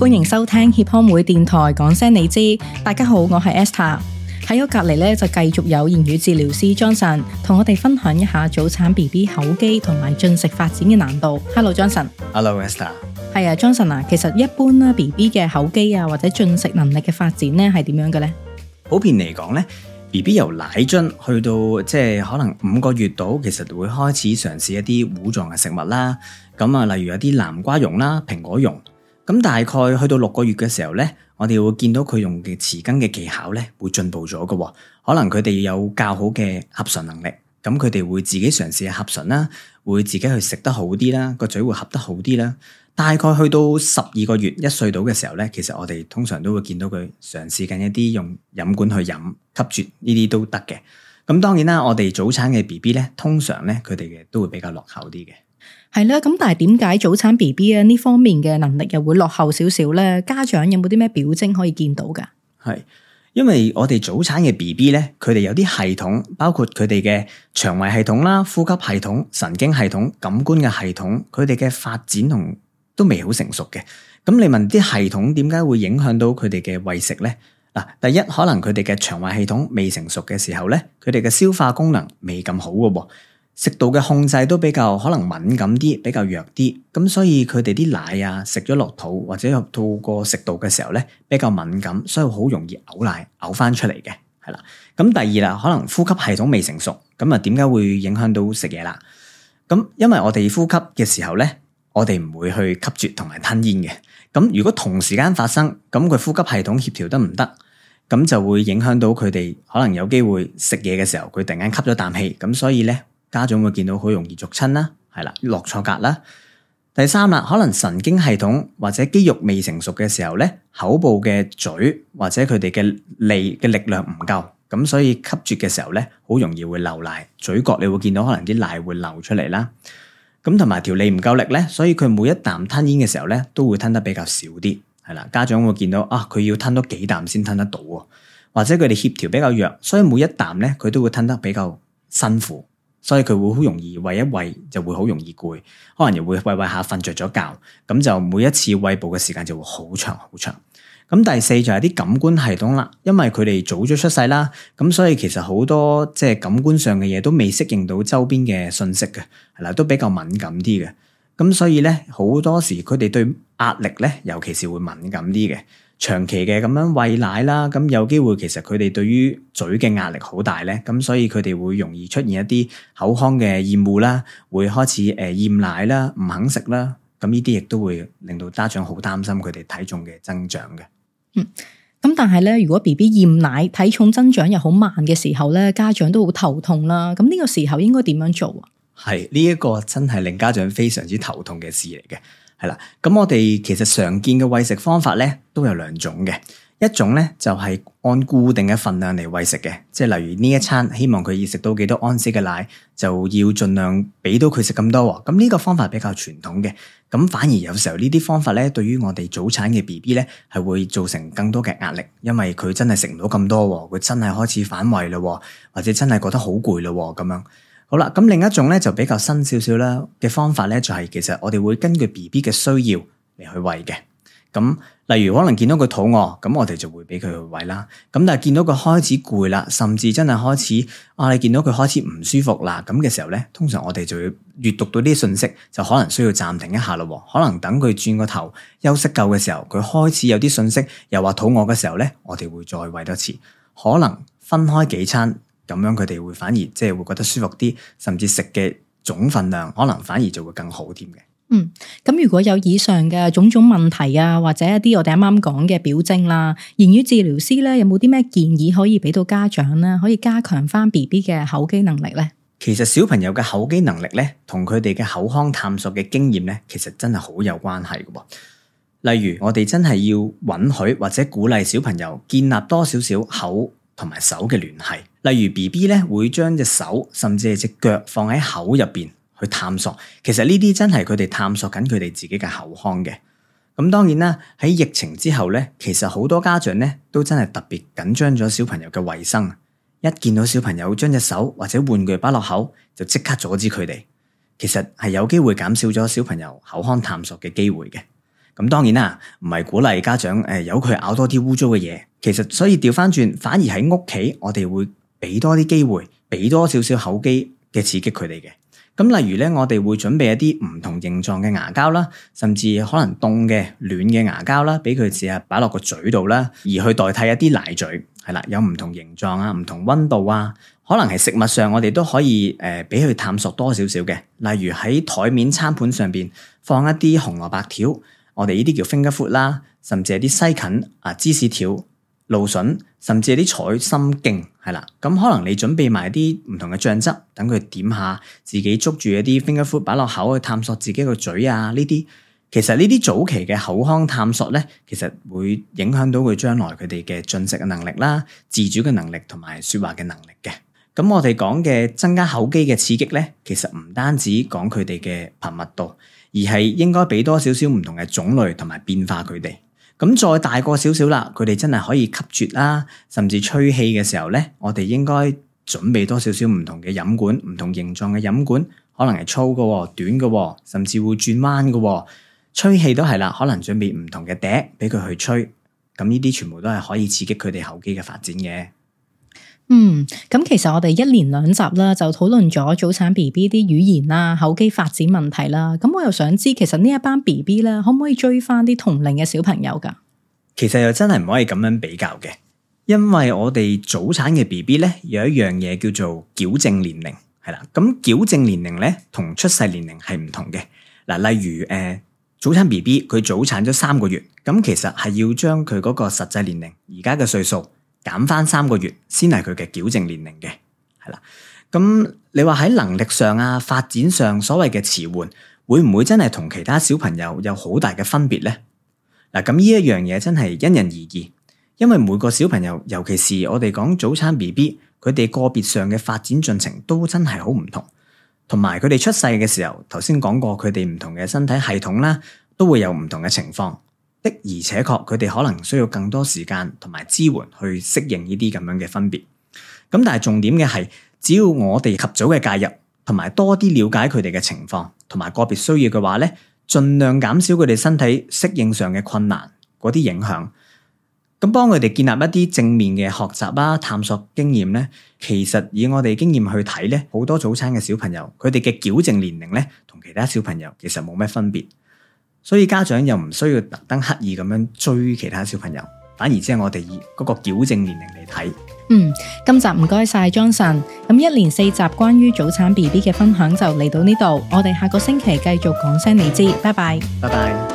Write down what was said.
歡迎收聽協康會電台，講聲你知。大家好，我係 Esther。喺我隔籬咧就繼續有言語治療師 Johnson 同我哋分享一下早產 B B 口肌同埋進食發展嘅難度。Hello，Johnson。Hello，Esther。係啊，Johnson 啊，其實一般啦 B B 嘅口肌啊或者進食能力嘅發展咧係點樣嘅咧？普遍嚟講咧，B B 由奶樽去到即係可能五個月度，其實會開始嘗試，試一啲糊狀嘅食物啦。咁啊，例如一啲南瓜蓉啦、蘋果蓉。咁大概去到六個月嘅時候咧，我哋會見到佢用嘅匙羹嘅技巧咧會進步咗嘅，哦，可能佢哋有較好嘅合唇能力，咁佢哋會自己嘗試下合唇啦，會自己去食得好啲啦，個嘴會合得好啲啦。大概去到十二個月一歲度嘅時候咧，其實我哋通常都會見到佢嘗試緊一啲用飲管去飲吸啜呢啲都得嘅。咁當然啦，我哋早產嘅 B B 咧，通常咧佢哋嘅都會比較落後啲嘅。係啦，咁但係點解早產 B B 啊，呢方面嘅能力又會落後少少咧？家長有冇啲咩表徵可以見到噶？係，因為我哋早產嘅 B B 咧，佢哋有啲系統，包括佢哋嘅腸胃系統啦、呼吸系統、神經系統、感官嘅系統，佢哋嘅發展同都未好成熟嘅。咁你問啲系統點解會影響到佢哋嘅喂食咧？嗱，第一，可能佢哋嘅腸胃系統未成熟嘅時候咧，佢哋嘅消化功能未咁好嘅。食道嘅控制都比較可能敏感啲，比較弱啲，咁所以佢哋啲奶啊食咗落肚或者入到個食道嘅時候咧，比較敏感，所以好容易嘔奶嘔翻出嚟嘅，係啦。咁第二啦，可能呼吸系統未成熟，咁啊，點解會影響到食嘢啦？咁因為我哋呼吸嘅時候咧，我哋唔會去吸住同埋吞嚥嘅。咁如果同時間發生，咁佢呼吸系統協調得唔得？咁就會影響到佢哋可能有機會食嘢嘅時候，佢突然間吸咗啖氣，咁所以咧。家長會見到好容易逐親啦，係啦，落錯格啦。第三啦，可能神經系統或者肌肉未成熟嘅時候咧，口部嘅嘴或者佢哋嘅脷嘅力量唔夠，咁所以吸住嘅時候咧，好容易會漏奶，嘴角你會見到可能啲奶會漏出嚟啦。咁同埋條脷唔夠力咧，所以佢每一啖吞嚥嘅時候咧，都會吞得比較少啲，係啦。家長會見到啊，佢要吞多幾啖先吞得到，或者佢哋協調比較弱，所以每一啖咧佢都會吞得比較辛苦。所以佢會好容易餵一餵就會好容易攰，可能又會餵餵下瞓着咗覺，咁就每一次餵哺嘅時間就會好長好長。咁第四就係啲感官系統啦，因為佢哋早咗出世啦，咁所以其實好多即係感官上嘅嘢，都未適應到周邊嘅信息嘅，係啦，都比較敏感啲嘅。咁所以咧好多時佢哋對壓力咧，尤其是會敏感啲嘅。長期嘅咁樣喂奶啦，咁有機會其實佢哋對於嘴嘅壓力好大咧，咁所以佢哋會容易出現一啲口腔嘅厭惡啦，會開始誒厭奶啦，唔肯食啦，咁呢啲亦都會令到家長好擔心佢哋體重嘅增長嘅。嗯，咁但係咧，如果 BB 厭奶，體重增長又好慢嘅時候咧，家長都好頭痛啦。咁呢個時候應該點樣做啊？係呢一個真係令家長非常之頭痛嘅事嚟嘅。係啦，咁我哋其實常見嘅喂食方法咧都有兩種嘅，一種咧就係按固定嘅份量嚟喂食嘅，即係例如呢一餐希望佢要食到幾多安士嘅奶，就要盡量俾到佢食咁多。咁呢個方法比較傳統嘅，咁反而有時候呢啲方法咧，對於我哋早產嘅 BB 咧，係會造成更多嘅壓力，因為佢真係食唔到咁多，佢真係開始反胃啦，或者真係覺得好攰啦咁樣。好啦，咁另一種咧就比較新少少啦嘅方法咧，就係其實我哋會根據 BB 嘅需要嚟去喂嘅。咁例如可能見到佢肚餓，咁我哋就會俾佢去喂啦。咁但係見到佢開始攰啦，甚至真係開始啊，你見到佢開始唔舒服啦，咁嘅時候咧，通常我哋就會閱讀到啲信息，就可能需要暫停一下咯。可能等佢轉個頭休息夠嘅時候，佢開始有啲信息又話肚餓嘅時候咧，我哋會再喂多次，可能分開幾餐。咁樣佢哋會反而即係、就是、會覺得舒服啲，甚至食嘅總份量可能反而就會更好添嘅。嗯，咁如果有以上嘅種種問題啊，或者一啲我哋啱啱講嘅表徵啦，言語治療師咧有冇啲咩建議可以俾到家長咧，可以加強翻 BB 嘅口肌能力咧？其實小朋友嘅口肌能力咧，同佢哋嘅口腔探索嘅經驗咧，其實真係好有關係嘅、哦。例如我哋真係要允許或者鼓勵小朋友建立多少少口，同埋手嘅聯繫，例如 BB 咧會將隻手甚至係隻腳放喺口入邊去探索，其實呢啲真係佢哋探索緊佢哋自己嘅口腔嘅。咁當然啦，喺疫情之後咧，其實好多家長咧都真係特別緊張咗小朋友嘅衛生，一見到小朋友將隻手或者玩具擺落口，就即刻阻止佢哋。其實係有機會減少咗小朋友口腔探索嘅機會嘅。咁當然啦，唔係鼓勵家長誒由佢咬多啲污糟嘅嘢。其實所以調翻轉，反而喺屋企，我哋會俾多啲機會，俾多少少口肌嘅刺激佢哋嘅。咁例如咧，我哋會準備一啲唔同形狀嘅牙膠啦，甚至可能凍嘅、暖嘅牙膠啦，俾佢試下擺落個嘴度啦，而去代替一啲奶嘴。係啦，有唔同形狀啊，唔同溫度啊，可能係食物上，我哋都可以誒俾佢探索多少少嘅。例如喺台面餐盤上面放一啲紅蘿蔔條。我哋呢啲叫 finger food 啦，甚至係啲西芹、啊芝士條、蘆筍，甚至係啲菜心莖，係啦。咁、嗯、可能你準備埋啲唔同嘅醬汁，等佢點下，自己捉住一啲 finger food 擺落口去探索自己個嘴啊。呢啲其實呢啲早期嘅口腔探索咧，其實會影響到佢將來佢哋嘅進食嘅能力啦、自主嘅能力同埋說話嘅能力嘅。咁、嗯、我哋講嘅增加口肌嘅刺激咧，其實唔單止講佢哋嘅頻密度。而係應該俾多少少唔同嘅種類同埋變化佢哋，咁再大過少少啦，佢哋真係可以吸啜啦，甚至吹氣嘅時候咧，我哋應該準備多少少唔同嘅飲管，唔同形狀嘅飲管，可能係粗嘅、短嘅，甚至會轉彎嘅，吹氣都係啦，可能準備唔同嘅笛俾佢去吹，咁呢啲全部都係可以刺激佢哋口肌嘅發展嘅。嗯，咁其實我哋一連兩集啦，就討論咗早產 B B 啲語言啦、口肌發展問題啦。咁我又想知，其實呢一班 B B 咧，可唔可以追翻啲同齡嘅小朋友噶？其實又真係唔可以咁樣比較嘅，因為我哋早產嘅 B B 咧，有一樣嘢叫做矯正年齡，係啦。咁矯正年齡咧，同出世年齡係唔同嘅。嗱，例如誒、呃，早產 B B 佢早產咗三個月，咁其實係要將佢嗰個實際年齡而家嘅歲數減翻三個月先係佢嘅矯正年齡嘅，係啦。咁你話喺能力上啊、發展上所謂，所謂嘅遲緩會唔會真係同其他小朋友有好大嘅分別呢？嗱，咁呢一樣嘢真係因人而異，因為每個小朋友，尤其是我哋講早產 BB，佢哋個別上嘅發展進程都真係好唔同，同埋佢哋出世嘅時候，頭先講過佢哋唔同嘅身體系統啦，都會有唔同嘅情況。的而且確，佢哋可能需要更多時間同埋支援去適應呢啲咁樣嘅分別。咁但係重點嘅係，只要我哋及早嘅介入，同埋多啲了解佢哋嘅情況，同埋個別需要嘅話咧，盡量減少佢哋身體適應上嘅困難嗰啲影響。咁幫佢哋建立一啲正面嘅學習啦、探索經驗咧。其實以我哋經驗去睇咧，好多早產嘅小朋友，佢哋嘅矯正年齡咧，同其他小朋友其實冇咩分別。所以家長又唔需要特登刻意咁樣追其他小朋友，反而只係我哋以嗰個矯正年齡嚟睇。嗯，今集唔該晒 Johnson，咁一連四集關於早產 B B 嘅分享就嚟到呢度，我哋下個星期繼續講聲你知，拜拜，拜拜。